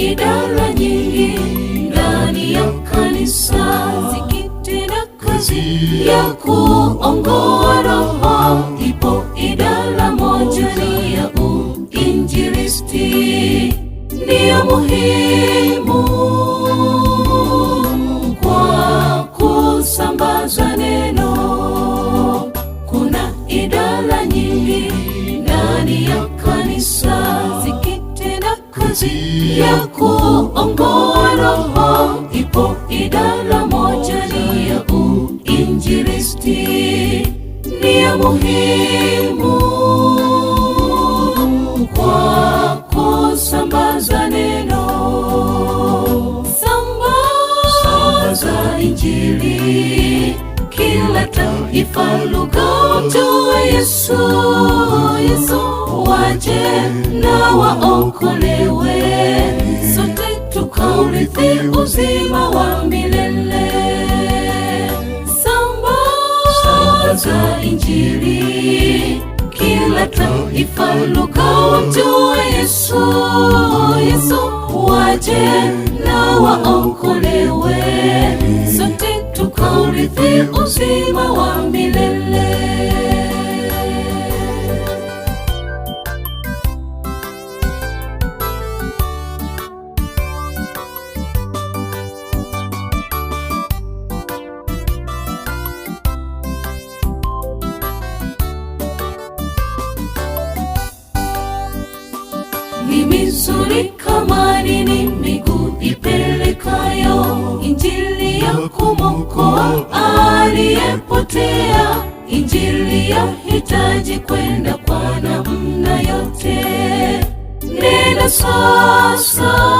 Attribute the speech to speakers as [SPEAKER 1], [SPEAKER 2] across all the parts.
[SPEAKER 1] idara nyingi ndani ya kanisa zikitenda kazi ya kuongoa roho. Ipo idara moja ni ya uinjilisti, ndiyo muhimu kwa kusambaza neno. Kuna idara nyingi ndani ya kanisa zikitenda kazi ya idara moja ni ya uinjilisti ni ya muhimu kwa kusambaza neno, sambaza Injili kila taifa, lugha, mtu Yesu, Yesu waje na waokolewe urithi uzima wa milele. Sambaza Injili kila taifa, lukamjue Yesu. Yesu waje na waokolewe, sote tukaurithi uzima wa milele. baharini miguu ipelekayo injili ya kumwokoa aliyepotea, injili ya hitaji kwenda kwa namna yote. Nena sasa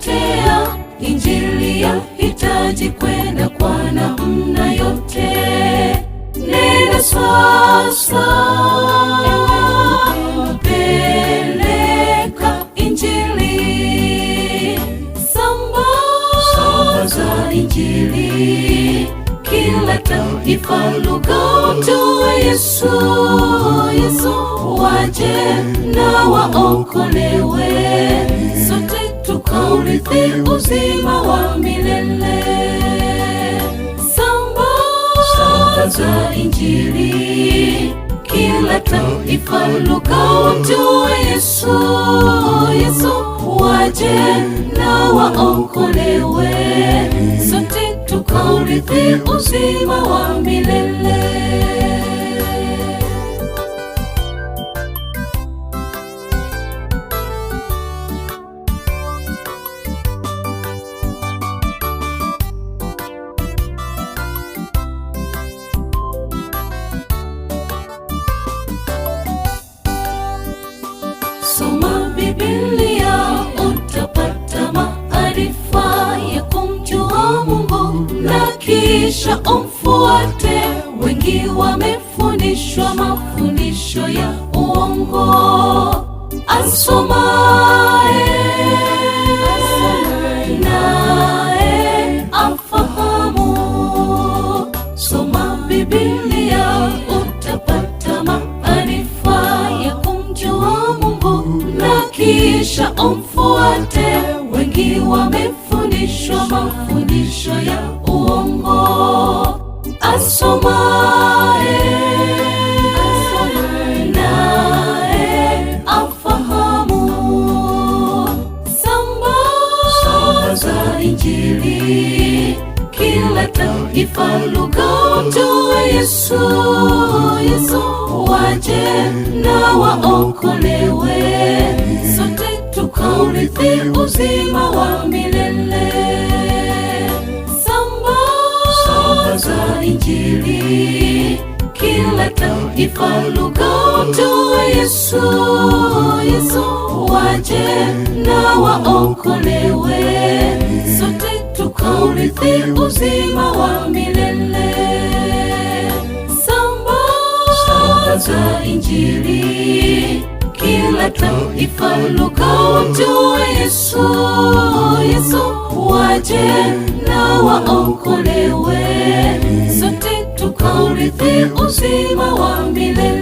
[SPEAKER 1] Mateo, Injili ya hitaji kwenda kwa namna yote. Nena sasa, peleka Injili, sambaza Injili kila taifa, lugha, mtu wa Yesu, Yesu waje na waokolewe urithi uzima wa milele. Sambaza Injili kila taifa, lukawa mtu Yesu. Yesu waje na waokolewe, sote tukaurithi uzima wa milele. asomaye naye afahamu. Soma Biblia utapata maarifa ya kumjua Mungu na kisha umfuate. Wengi wamefundishwa mafundisho ya uongo asomaye ifaluka mtu Yesu, Yesu waje na waokolewe, sote tukaurithi uzima wa milele. Sambaza Injili kila taifa, luka Yesu, Yesu waje na waokolewe na urithi uzima wa milele. Sambaza Injili kila taifa, lukautue Yesu. Yesu waje na waokolewe, sote tukaurithi uzima wa milele.